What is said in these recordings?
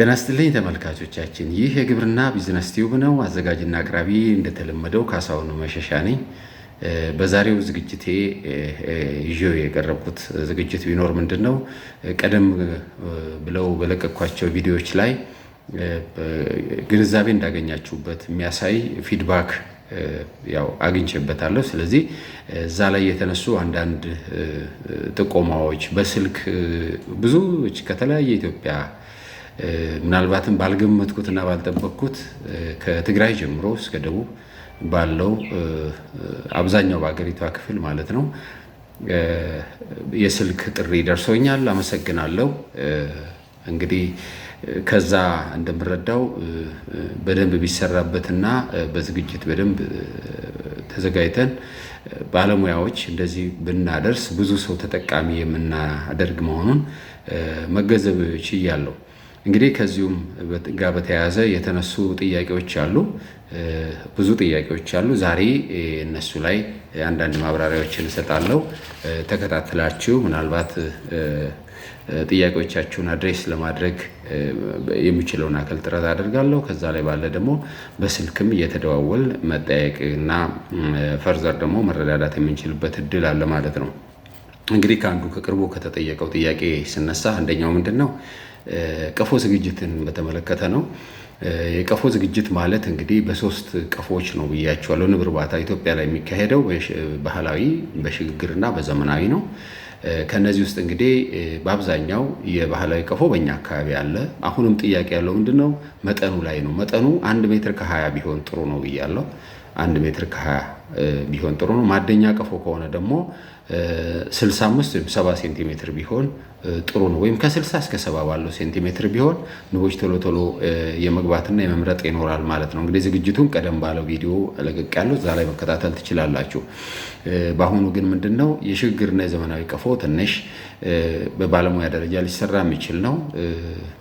ጤና ይስጥልኝ ተመልካቾቻችን፣ ይህ የግብርና ቢዝነስ ቲዩብ ነው። አዘጋጅና አቅራቢ እንደተለመደው ካሳሁን መሸሻ ነኝ። በዛሬው ዝግጅቴ ይዤው የቀረብኩት ዝግጅት ቢኖር ምንድን ነው ቀደም ብለው በለቀኳቸው ቪዲዮዎች ላይ ግንዛቤ እንዳገኛችሁበት የሚያሳይ ፊድባክ ያው አግኝቼበታለሁ። ስለዚህ እዛ ላይ የተነሱ አንዳንድ ጥቆማዎች በስልክ ብዙዎች ከተለያየ ኢትዮጵያ ምናልባትም ባልገመትኩትና ባልጠበቅኩት ከትግራይ ጀምሮ እስከ ደቡብ ባለው አብዛኛው በአገሪቷ ክፍል ማለት ነው የስልክ ጥሪ ደርሶኛል። አመሰግናለሁ። እንግዲህ ከዛ እንደምረዳው በደንብ ቢሰራበትና በዝግጅት በደንብ ተዘጋጅተን ባለሙያዎች እንደዚህ ብናደርስ ብዙ ሰው ተጠቃሚ የምናደርግ መሆኑን መገንዘብ ችያለሁ። እንግዲህ ከዚሁም ጋር በተያያዘ የተነሱ ጥያቄዎች አሉ፣ ብዙ ጥያቄዎች አሉ። ዛሬ እነሱ ላይ አንዳንድ ማብራሪያዎችን እሰጣለሁ። ተከታትላችሁ ምናልባት ጥያቄዎቻችሁን አድሬስ ለማድረግ የሚችለውን አካል ጥረት አደርጋለሁ። ከዛ ላይ ባለ ደግሞ በስልክም እየተደዋወል እና ፈርዘር ደግሞ መረዳዳት የምንችልበት እድል አለ ማለት ነው። እንግዲህ ከአንዱ ከቅርቡ ከተጠየቀው ጥያቄ ስነሳ አንደኛው ምንድን ነው ቀፎ ዝግጅትን በተመለከተ ነው። የቀፎ ዝግጅት ማለት እንግዲህ በሶስት ቀፎዎች ነው ብያቸዋለሁ። ንብ እርባታ ኢትዮጵያ ላይ የሚካሄደው ባህላዊ፣ በሽግግርና በዘመናዊ ነው። ከነዚህ ውስጥ እንግዲህ በአብዛኛው የባህላዊ ቀፎ በእኛ አካባቢ አለ። አሁንም ጥያቄ ያለው ምንድን ነው መጠኑ ላይ ነው። መጠኑ አንድ ሜትር ከሀያ ቢሆን ጥሩ ነው ብያለሁ። አንድ ሜትር ከሀያ ቢሆን ጥሩ ነው። ማደኛ ቀፎ ከሆነ ደግሞ 65 ወይም 70 ሴንቲሜትር ቢሆን ጥሩ ነው። ወይም ከ60 እስከ 70 ባለው ሴንቲሜትር ቢሆን ንቦች ቶሎ ቶሎ የመግባትና የመምረጥ ይኖራል ማለት ነው። እንግዲህ ዝግጅቱን ቀደም ባለው ቪዲዮ ለቅቅ ያለው እዛ ላይ መከታተል ትችላላችሁ። በአሁኑ ግን ምንድን ነው የሽግግርና የዘመናዊ ቀፎ ትንሽ በባለሙያ ደረጃ ሊሰራ የሚችል ነው።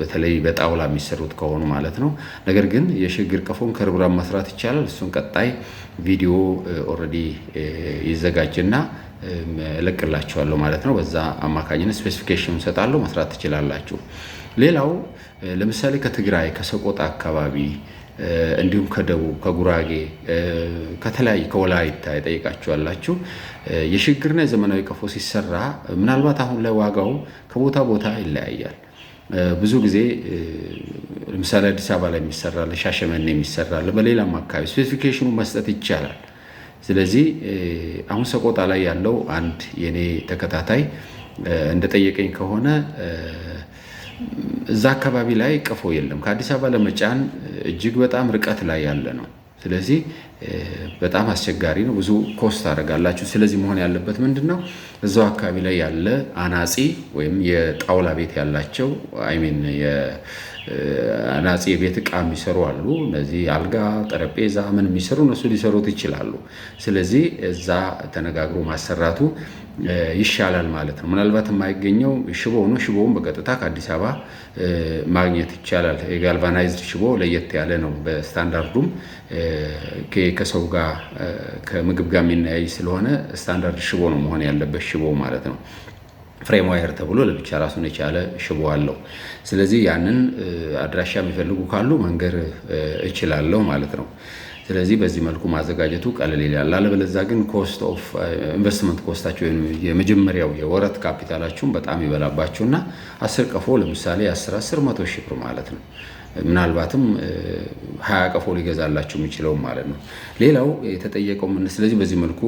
በተለይ በጣውላ የሚሰሩት ከሆኑ ማለት ነው። ነገር ግን የሽግግር ቀፎን ከርብራ መስራት ይቻላል። እሱን ቀጣይ ቪዲዮ ኦልሬዲ ይዘጋጅና እለቅላችኋለሁ ማለት ነው። በዛ አማካኝነት ስፔሲፊኬሽን ሰጣለሁ፣ መስራት ትችላላችሁ። ሌላው ለምሳሌ ከትግራይ ከሰቆጣ አካባቢ እንዲሁም ከደቡብ ከጉራጌ ከተለያዩ ከወላይታ የጠይቃችኋላችሁ የሽግግርና የዘመናዊ ቀፎ ሲሰራ ምናልባት አሁን ላይ ዋጋው ከቦታ ቦታ ይለያያል። ብዙ ጊዜ ለምሳሌ አዲስ አበባ ላይ የሚሰራለ ሻሸመኔ የሚሰራለ በሌላም አካባቢ ስፔሲፊኬሽኑ መስጠት ይቻላል። ስለዚህ አሁን ሰቆጣ ላይ ያለው አንድ የኔ ተከታታይ እንደጠየቀኝ ከሆነ እዛ አካባቢ ላይ ቀፎ የለም። ከአዲስ አበባ ለመጫን እጅግ በጣም ርቀት ላይ ያለ ነው። ስለዚህ በጣም አስቸጋሪ ነው። ብዙ ኮስት ታደርጋላችሁ። ስለዚህ መሆን ያለበት ምንድን ነው? እዛው አካባቢ ላይ ያለ አናጺ ወይም የጣውላ ቤት ያላቸው አይሜን አናጺ የቤት ዕቃ የሚሰሩ አሉ። እነዚህ አልጋ፣ ጠረጴዛ ምን የሚሰሩ እነሱ ሊሰሩት ይችላሉ። ስለዚህ እዛ ተነጋግሮ ማሰራቱ ይሻላል ማለት ነው። ምናልባት የማይገኘው ሽቦ ነው። ሽቦውን በቀጥታ ከአዲስ አበባ ማግኘት ይቻላል። የጋልቫናይዝድ ሽቦ ለየት ያለ ነው። በስታንዳርዱም ከሰው ጋር ከምግብ ጋር የሚናያይ ስለሆነ ስታንዳርድ ሽቦ ነው መሆን ያለበት ሽቦ ማለት ነው። ፍሬም ዋየር ተብሎ ለብቻ ራሱን የቻለ ሽቦ አለው። ስለዚህ ያንን አድራሻ የሚፈልጉ ካሉ መንገር እችላለሁ ማለት ነው። ስለዚህ በዚህ መልኩ ማዘጋጀቱ ቀለል ይላል። አለበለዚያ ግን ኮስት ኦፍ ኢንቨስትመንት ኮስታቸው የመጀመሪያው የወረት ካፒታላችሁን በጣም ይበላባችሁና አስር ቀፎ ለምሳሌ አስር አስር መቶ ሺህ ብር ማለት ነው ምናልባትም ሀያ ቀፎ ሊገዛላችሁ የሚችለው ማለት ነው። ሌላው የተጠየቀው ስለዚህ በዚህ መልኩ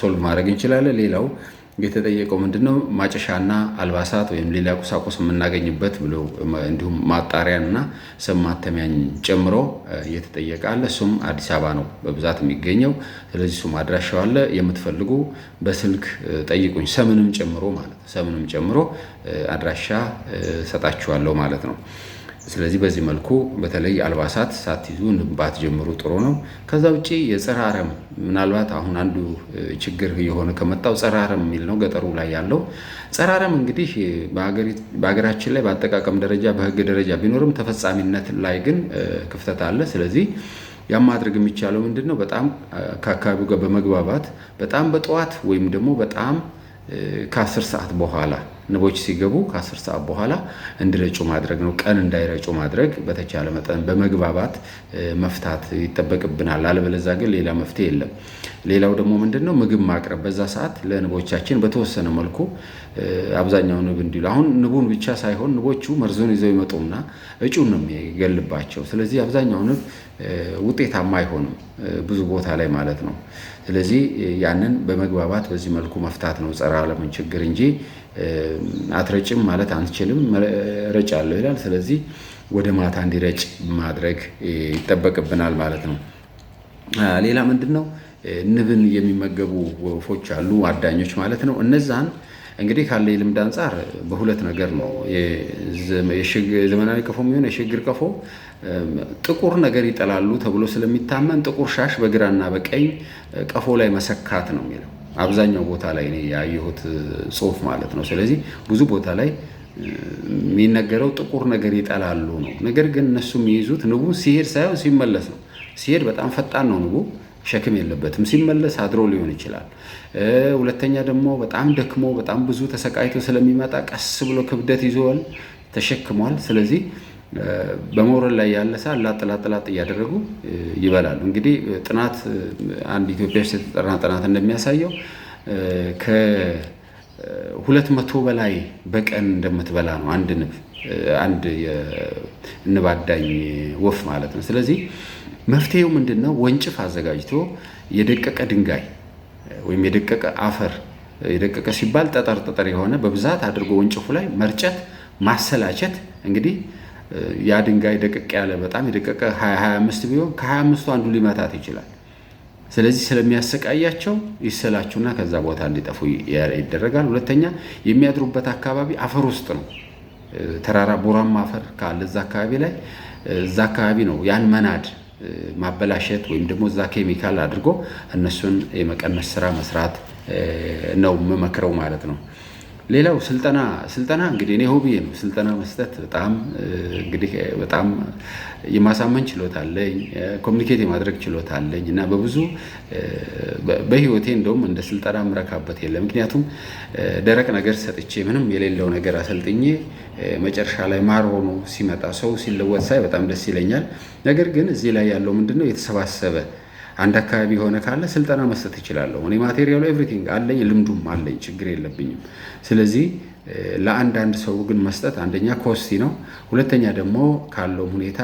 ሶልቭ ማድረግ እንችላለን። ሌላው የተጠየቀው ምንድነው ማጨሻና አልባሳት ወይም ሌላ ቁሳቁስ የምናገኝበት ብሎ እንዲሁም ማጣሪያና ስም ማተሚያን ጨምሮ እየተጠየቀ አለ። እሱም አዲስ አበባ ነው በብዛት የሚገኘው። ስለዚህ እሱም አድራሻው አለ። የምትፈልጉ በስልክ ጠይቁኝ፣ ሰምንም ጨምሮ ማለት ሰምንም ጨምሮ አድራሻ ሰጣችኋለሁ ማለት ነው። ስለዚህ በዚህ መልኩ በተለይ አልባሳት ሳትይዙ ንባት ጀምሩ ጥሩ ነው። ከዛ ውጭ የፀረ አረም ምናልባት አሁን አንዱ ችግር የሆነ ከመጣው ፀረ አረም የሚል ነው ገጠሩ ላይ ያለው ፀረ አረም እንግዲህ በሀገራችን ላይ በአጠቃቀም ደረጃ በህግ ደረጃ ቢኖርም ተፈጻሚነት ላይ ግን ክፍተት አለ። ስለዚህ ያም ማድረግ የሚቻለው ምንድን ነው? በጣም ከአካባቢው ጋር በመግባባት በጣም በጠዋት ወይም ደግሞ በጣም ከአስር ሰዓት በኋላ ንቦች ሲገቡ ከአስር ሰዓት በኋላ እንዲረጩ ማድረግ ነው። ቀን እንዳይረጩ ማድረግ በተቻለ መጠን በመግባባት መፍታት ይጠበቅብናል። አለበለዛ ግን ሌላ መፍትሄ የለም። ሌላው ደግሞ ምንድን ነው ምግብ ማቅረብ በዛ ሰዓት ለንቦቻችን በተወሰነ መልኩ አብዛኛው ንብ እንዲሉ አሁን ንቡን ብቻ ሳይሆን ንቦቹ መርዙን ይዘው ይመጡና እጩን ነው የሚገልባቸው። ስለዚህ አብዛኛው ንብ ውጤታማ አይሆንም ብዙ ቦታ ላይ ማለት ነው። ስለዚህ ያንን በመግባባት በዚህ መልኩ መፍታት ነው ጸረ አለምን ችግር እንጂ አትረጭም ማለት አንችልም። ረጭ አለው ይላል። ስለዚህ ወደ ማታ እንዲረጭ ማድረግ ይጠበቅብናል ማለት ነው። ሌላ ምንድን ነው? ንብን የሚመገቡ ወፎች አሉ፣ አዳኞች ማለት ነው። እነዛን እንግዲህ ካለ ልምድ አንጻር በሁለት ነገር ነው የዘመናዊ ቀፎ የሚሆን የሽግግር ቀፎ ጥቁር ነገር ይጠላሉ ተብሎ ስለሚታመን ጥቁር ሻሽ በግራና በቀኝ ቀፎ ላይ መሰካት ነው የሚለው አብዛኛው ቦታ ላይ ያየሁት ጽሁፍ ማለት ነው። ስለዚህ ብዙ ቦታ ላይ የሚነገረው ጥቁር ነገር ይጠላሉ ነው። ነገር ግን እነሱ የሚይዙት ንቡ ሲሄድ ሳይሆን ሲመለስ ነው። ሲሄድ በጣም ፈጣን ነው ንቡ። ሸክም የለበትም። ሲመለስ አድሮ ሊሆን ይችላል። ሁለተኛ ደግሞ በጣም ደክሞ በጣም ብዙ ተሰቃይቶ ስለሚመጣ ቀስ ብሎ ክብደት ይዞዋል፣ ተሸክሟል። ስለዚህ በመውረድ ላይ ያለ ሰ ላጥላጥላጥ እያደረጉ ይበላሉ። እንግዲህ ጥናት አንድ ኢትዮጵያ ውስጥ የተጠና ጥናት እንደሚያሳየው ከሁለት መቶ በላይ በቀን እንደምትበላ ነው አንድ ንብ አንድ የንብ አዳኝ ወፍ ማለት ነው። ስለዚህ መፍትሄው ምንድን ነው? ወንጭፍ አዘጋጅቶ የደቀቀ ድንጋይ ወይም የደቀቀ አፈር የደቀቀ ሲባል ጠጠር ጠጠር የሆነ በብዛት አድርጎ ወንጭፉ ላይ መርጨት፣ ማሰላቸት። እንግዲህ ያ ድንጋይ ደቀቅ ያለ በጣም የደቀቀ 25 ቢሆን ከ25ቱ አንዱ ሊመታት ይችላል። ስለዚህ ስለሚያሰቃያቸው ይሰላችሁና ከዛ ቦታ እንዲጠፉ ይደረጋል። ሁለተኛ የሚያድሩበት አካባቢ አፈር ውስጥ ነው። ተራራ ቦራማ አፈር ካለ እዛ አካባቢ ላይ እዛ አካባቢ ነው ያን መናድ ማበላሸት ወይም ደግሞ እዛ ኬሚካል አድርጎ እነሱን የመቀነስ ስራ መስራት ነው የምመክረው ማለት ነው። ሌላው ስልጠና ስልጠና እንግዲህ እኔ ሆቢ ነው ስልጠና መስጠት። በጣም እንግዲህ በጣም የማሳመን ችሎታ አለኝ፣ ኮሚኒኬት የማድረግ ችሎታ አለኝ እና በብዙ በህይወቴ እንደውም እንደ ስልጠና ምረካበት የለም። ምክንያቱም ደረቅ ነገር ሰጥቼ ምንም የሌለው ነገር አሰልጥኜ መጨረሻ ላይ ማር ሆኖ ሲመጣ ሰው ሲለወጥ ሳይ በጣም ደስ ይለኛል። ነገር ግን እዚህ ላይ ያለው ምንድነው የተሰባሰበ አንድ አካባቢ የሆነ ካለ ስልጠና መስጠት ይችላለሁ። እኔ ማቴሪያሉ ኤቭሪቲንግ አለኝ፣ ልምዱም አለኝ፣ ችግር የለብኝም። ስለዚህ ለአንዳንድ ሰው ግን መስጠት አንደኛ ኮስቲ ነው፣ ሁለተኛ ደግሞ ካለው ሁኔታ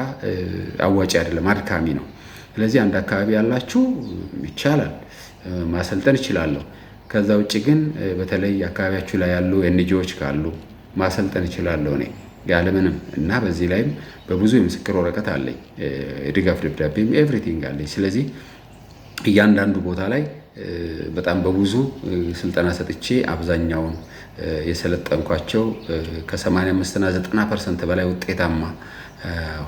አዋጭ አይደለም፣ አድካሚ ነው። ስለዚህ አንድ አካባቢ ያላችሁ ይቻላል፣ ማሰልጠን እችላለሁ። ከዛ ውጭ ግን በተለይ አካባቢያችሁ ላይ ያሉ ኤንጂዎች ካሉ ማሰልጠን እችላለሁ እኔ ያለምንም እና በዚህ ላይም በብዙ የምስክር ወረቀት አለኝ፣ ድጋፍ ደብዳቤም ኤቭሪቲንግ አለኝ። ስለዚህ እያንዳንዱ ቦታ ላይ በጣም በብዙ ስልጠና ሰጥቼ አብዛኛውን የሰለጠንኳቸው ከ85ና 90 ፐርሰንት በላይ ውጤታማ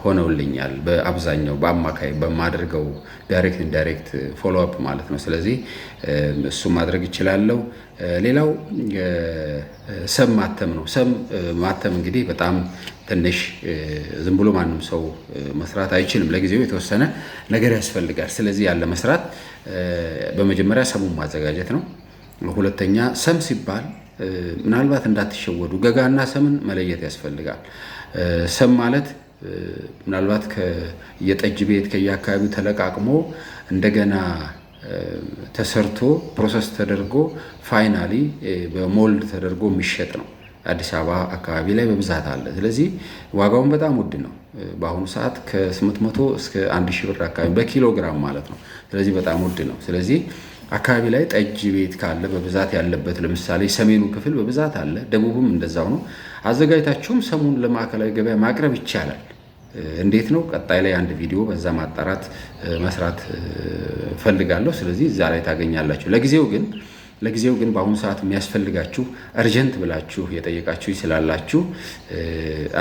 ሆነውልኛል። በአብዛኛው በአማካይ በማድርገው ዳይሬክት ኢንዳይሬክት ፎሎ አፕ ማለት ነው። ስለዚህ እሱ ማድረግ ይችላለው። ሌላው ሰም ማተም ነው። ሰም ማተም እንግዲህ በጣም ትንሽ ዝም ብሎ ማንም ሰው መስራት አይችልም። ለጊዜው የተወሰነ ነገር ያስፈልጋል። ስለዚህ ያለ መስራት በመጀመሪያ ሰሙን ማዘጋጀት ነው። ሁለተኛ ሰም ሲባል ምናልባት እንዳትሸወዱ ገጋና ሰምን መለየት ያስፈልጋል። ሰም ማለት ምናልባት የጠጅ ቤት ከየአካባቢው ተለቃቅሞ እንደገና ተሰርቶ ፕሮሰስ ተደርጎ ፋይናሊ በሞልድ ተደርጎ የሚሸጥ ነው። አዲስ አበባ አካባቢ ላይ በብዛት አለ። ስለዚህ ዋጋውን በጣም ውድ ነው። በአሁኑ ሰዓት ከ800 እስከ 1000 ብር አካባቢ በኪሎግራም ማለት ነው። ስለዚህ በጣም ውድ ነው። ስለዚህ አካባቢ ላይ ጠጅ ቤት ካለ በብዛት ያለበት ለምሳሌ ሰሜኑ ክፍል በብዛት አለ፣ ደቡብም እንደዛው ነው። አዘጋጅታችሁም ሰሞኑን ለማዕከላዊ ገበያ ማቅረብ ይቻላል። እንዴት ነው ቀጣይ ላይ አንድ ቪዲዮ በዛ ማጣራት መስራት ፈልጋለሁ። ስለዚህ እዛ ላይ ታገኛላችሁ። ለጊዜው ግን ለጊዜው ግን በአሁኑ ሰዓት የሚያስፈልጋችሁ እርጀንት ብላችሁ የጠየቃችሁ ስላላችሁ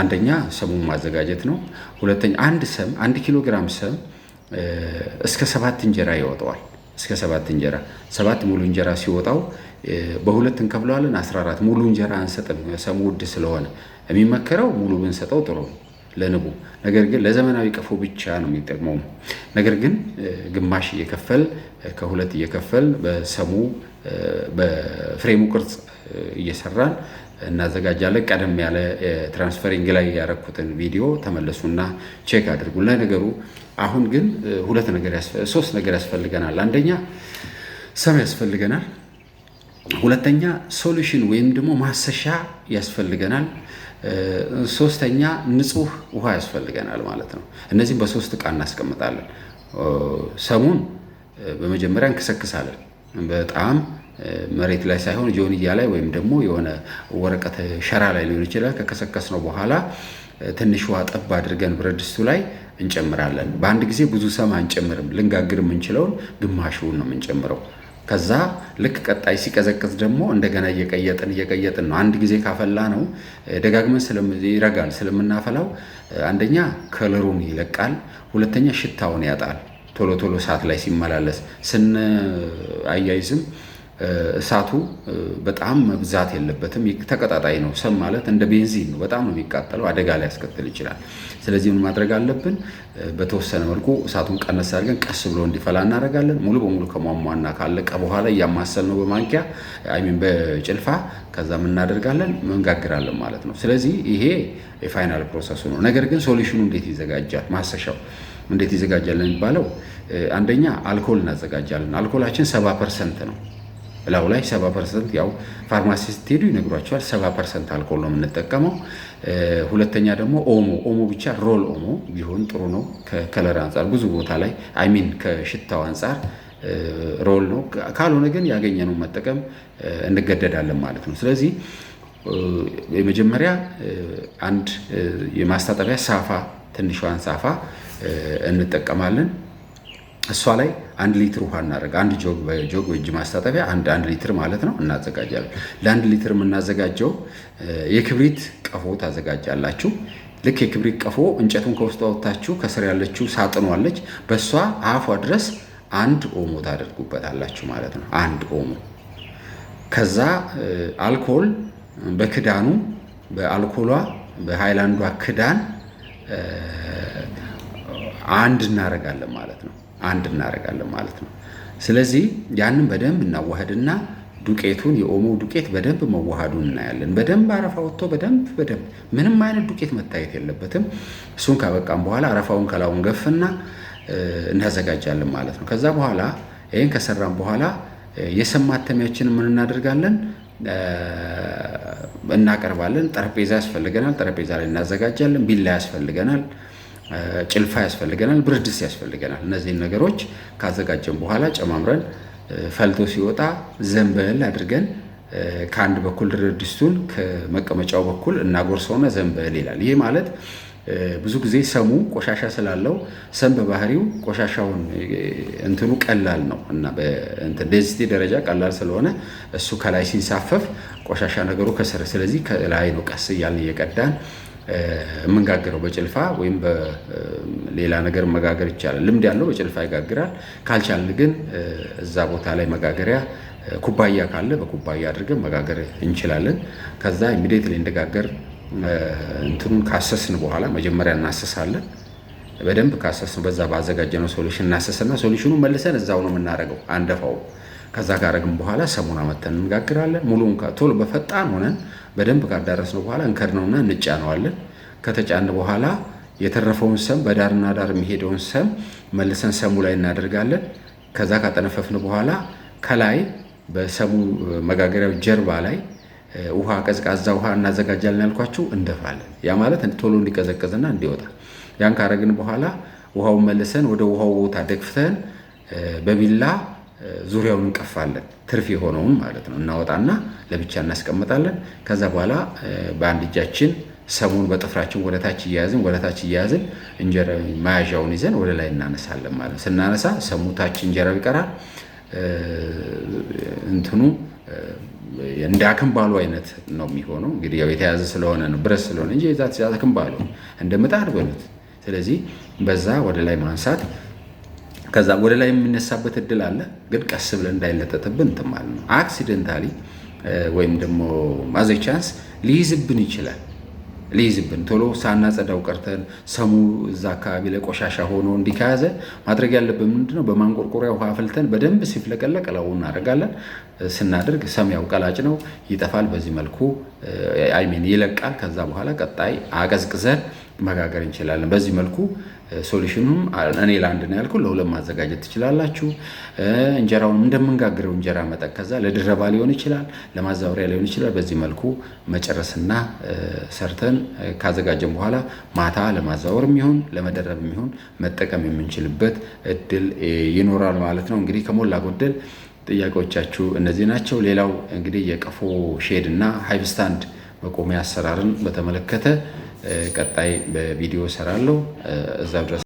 አንደኛ ሰሙን ማዘጋጀት ነው። ሁለተኛ አንድ ሰም አንድ ኪሎ ግራም ሰም እስከ ሰባት እንጀራ ይወጣዋል። እስከ ሰባት እንጀራ ሰባት ሙሉ እንጀራ ሲወጣው በሁለት እንከፍለዋለን። አራት ሙሉ እንጀራ አንሰጥም። ሰሙ ውድ ስለሆነ የሚመከረው ሙሉ ብንሰጠው ጥሩ ነው። ለንቡ ነገር ግን ለዘመናዊ ቀፎ ብቻ ነው የሚጠቅመው። ነገር ግን ግማሽ እየከፈል ከሁለት እየከፈል በሰሙ በፍሬሙ ቅርጽ እየሰራን እናዘጋጃለን። ቀደም ያለ ትራንስፈሪንግ ላይ ያረኩትን ቪዲዮ ተመለሱና ቼክ አድርጉ። ለነገሩ አሁን ግን ሁለት ነገር ሶስት ነገር ያስፈልገናል። አንደኛ ሰም ያስፈልገናል። ሁለተኛ ሶሉሽን ወይም ደግሞ ማሰሻ ያስፈልገናል። ሶስተኛ ንጹህ ውሃ ያስፈልገናል ማለት ነው። እነዚህም በሶስት እቃ እናስቀምጣለን። ሰሙን በመጀመሪያ እንከሰክሳለን። በጣም መሬት ላይ ሳይሆን ጆንያ ላይ ወይም ደግሞ የሆነ ወረቀት ሸራ ላይ ሊሆን ይችላል። ከከሰከስ ነው በኋላ ትንሽ ውሃ ጠብ አድርገን ብረት ድስቱ ላይ እንጨምራለን። በአንድ ጊዜ ብዙ ሰማ አንጨምርም። ልንጋግር የምንችለውን ግማሹን ነው የምንጨምረው። ከዛ ልክ ቀጣይ ሲቀዘቅዝ ደግሞ እንደገና እየቀየጥን እየቀየጥን ነው። አንድ ጊዜ ካፈላ ነው ደጋግመን ይረጋል። ስለምናፈላው አንደኛ ከለሩን ይለቃል፣ ሁለተኛ ሽታውን ያጣል። ቶሎ ቶሎ ሰዓት ላይ ሲመላለስ ስን አያይዝም እሳቱ በጣም መብዛት የለበትም። ተቀጣጣይ ነው። ሰም ማለት እንደ ቤንዚን ነው። በጣም ነው የሚቃጠለው፣ አደጋ ሊያስከትል ይችላል። ስለዚህ ምን ማድረግ አለብን? በተወሰነ መልኩ እሳቱን ቀነስ አድርገን ቀስ ብሎ እንዲፈላ እናደርጋለን። ሙሉ በሙሉ ከሟሟና ካለቀ በኋላ እያማሰል ነው በማንኪያ አይሚን በጭልፋ ከዛ እናደርጋለን መንጋግራለን ማለት ነው። ስለዚህ ይሄ የፋይናል ፕሮሰሱ ነው። ነገር ግን ሶሉሽኑ እንዴት ይዘጋጃል? ማሰሻው እንዴት ይዘጋጃል የሚባለው አንደኛ አልኮል እናዘጋጃለን። አልኮላችን ሰባ ፐርሰንት ነው። እላው ላይ 70 ፐርሰንት ያው ፋርማሲ ስትሄዱ ይነግሯቸዋል። 70 ፐርሰንት አልኮል ነው የምንጠቀመው። ሁለተኛ ደግሞ ኦሞ ኦሞ ብቻ ሮል ኦሞ ቢሆን ጥሩ ነው። ከከለር አንጻር ብዙ ቦታ ላይ አይሚን ከሽታው አንጻር ሮል ነው። ካልሆነ ግን ያገኘነው መጠቀም እንገደዳለን ማለት ነው። ስለዚህ የመጀመሪያ አንድ የማስታጠቢያ ሳፋ ትንሿን ሳፋ እንጠቀማለን። እሷ ላይ አንድ ሊትር ውሃ እናደርግ አንድ ጆግ በጆግ እጅ ማስታጠቢያ አንድ አንድ ሊትር ማለት ነው እናዘጋጃለን። ለአንድ ሊትር የምናዘጋጀው የክብሪት ቀፎ ታዘጋጃላችሁ። ልክ የክብሪት ቀፎ እንጨቱን ከውስጥ አወጥታችሁ ከስር ያለችው ሳጥኗ አለች። በእሷ አፏ ድረስ አንድ ኦሞ ታደርጉበታላችሁ ማለት ነው። አንድ ኦሞ ከዛ አልኮል በክዳኑ በአልኮሏ በሃይላንዷ ክዳን አንድ እናደርጋለን ማለት ነው። አንድ እናደርጋለን ማለት ነው። ስለዚህ ያንን በደንብ እናዋህድና ዱቄቱን የኦሞ ዱቄት በደንብ መዋሃዱን እናያለን። በደንብ አረፋ ወጥቶ በደንብ በደንብ ምንም አይነት ዱቄት መታየት የለበትም። እሱን ካበቃም በኋላ አረፋውን ከላውን ገፍና እናዘጋጃለን ማለት ነው። ከዛ በኋላ ይህን ከሰራም በኋላ የሰም ማተሚያችን ምን እናደርጋለን? እናቀርባለን። ጠረጴዛ ያስፈልገናል። ጠረጴዛ ላይ እናዘጋጃለን። ቢላ ያስፈልገናል። ጭልፋ ያስፈልገናል፣ ብርድስ ያስፈልገናል። እነዚህን ነገሮች ካዘጋጀን በኋላ ጨማምረን ፈልቶ ሲወጣ ዘንበል አድርገን ከአንድ በኩል ድስቱን ከመቀመጫው በኩል እናጎርሰውና ዘንበል ይላል። ይህ ማለት ብዙ ጊዜ ሰሙ ቆሻሻ ስላለው ሰም በባህሪው ቆሻሻውን እንትኑ ቀላል ነው እና ዴንሲቲ ደረጃ ቀላል ስለሆነ እሱ ከላይ ሲንሳፈፍ ቆሻሻ ነገሩ ከስር፣ ስለዚህ ከላይ ነው ቀስ እያልን እየቀዳን የምንጋግረው በጭልፋ ወይም በሌላ ነገር መጋገር ይቻላል። ልምድ ያለው በጭልፋ ይጋግራል። ካልቻልን ግን እዛ ቦታ ላይ መጋገሪያ ኩባያ ካለ በኩባያ አድርገን መጋገር እንችላለን። ከዛ ላይ እንደጋገር እንትኑን ካሰስን በኋላ መጀመሪያ እናሰሳለን። በደንብ ካሰስን በዛ ባዘጋጀነው ሶሉሽን እናሰስና ሶሉሽኑ መልሰን እዛው ነው የምናደርገው፣ አንደፋው ከዛ ጋረግን በኋላ ሰሙና መተን እንጋግራለን። ሙሉን ቶሎ በፈጣን ሆነን በደንብ ነው በኋላ እንከድነውና እንጫነዋለን። ከተጫነ በኋላ የተረፈውን ሰም በዳርና ዳር የሚሄደውን ሰም መልሰን ሰሙ ላይ እናደርጋለን። ከዛ ካጠነፈፍን በኋላ ከላይ በሰሙ መጋገሪያው ጀርባ ላይ ውሃ ቀዝቃዛ ውሃ እናዘጋጃለን ያልኳችሁ እንደፋለን። ያ ማለት ቶሎ እንዲቀዘቀዝና እንዲወጣ። ያን ካረግን በኋላ ውሃውን መልሰን ወደ ውሃው ቦታ ደግፍተን በቢላ ዙሪያውን እንቀፋለን። ትርፍ የሆነውን ማለት ነው እናወጣና ለብቻ እናስቀምጣለን። ከዛ በኋላ በአንድ እጃችን ሰሙን በጥፍራችን ወደታች እያያዝን ወደታች እያያዝን እንጀራ መያዣውን ይዘን ወደ ላይ እናነሳለን ማለት ነው። ስናነሳ ሰሙ ታች እንጀራው ይቀራል። እንትኑ እንደ አክምባሉ አይነት ነው የሚሆነው። እንግዲህ ያው የተያዘ ስለሆነ ነው ብረት ስለሆነ እንጂ የዛ አክምባሉ እንደ ምጣድ በሉት። ስለዚህ በዛ ወደ ላይ ማንሳት ከዛ ወደ ላይ የምነሳበት እድል አለ፣ ግን ቀስ ብለን እንዳይለጠጥብን እንትን ማለት ነው። አክሲደንታሊ uh, ወይም ደግሞ ማዘ ቻንስ ሊይዝብን ይችላል ሊይዝብን ቶሎ ሳናጸዳው ቀርተን ሰሙ እዛ አካባቢ ላይ ቆሻሻ ሆኖ እንዲከያዘ ማድረግ ያለብን ምንድነው? በማንቆርቆሪያ ውሃ አፍልተን በደንብ ሲፍለቀለቅ ለው እናደርጋለን። uh, ስናደርግ ሰሚያው ቀላጭ ነው ይጠፋል። በዚህ መልኩ አይሜን uh, ይለቃል። ከዛ በኋላ ቀጣይ አቀዝቅዘን መጋገር እንችላለን። በዚህ መልኩ ሶሉሽኑም እኔ ለአንድ ነው ያልኩ ለሁለት ማዘጋጀት ትችላላችሁ። እንጀራውን እንደምንጋግረው እንጀራ መጠከዛ ለድረባ ሊሆን ይችላል፣ ለማዛወሪያ ሊሆን ይችላል። በዚህ መልኩ መጨረስና ሰርተን ካዘጋጀን በኋላ ማታ ለማዛወር የሚሆን ለመደረብ የሚሆን መጠቀም የምንችልበት እድል ይኖራል ማለት ነው። እንግዲህ ከሞላ ጎደል ጥያቄዎቻችሁ እነዚህ ናቸው። ሌላው እንግዲህ የቀፎ ሼድ እና ሃይቭ ስታንድ መቆሚያ አሰራርን በተመለከተ ቀጣይ በቪዲዮ ሰራለሁ እዛ ድረስ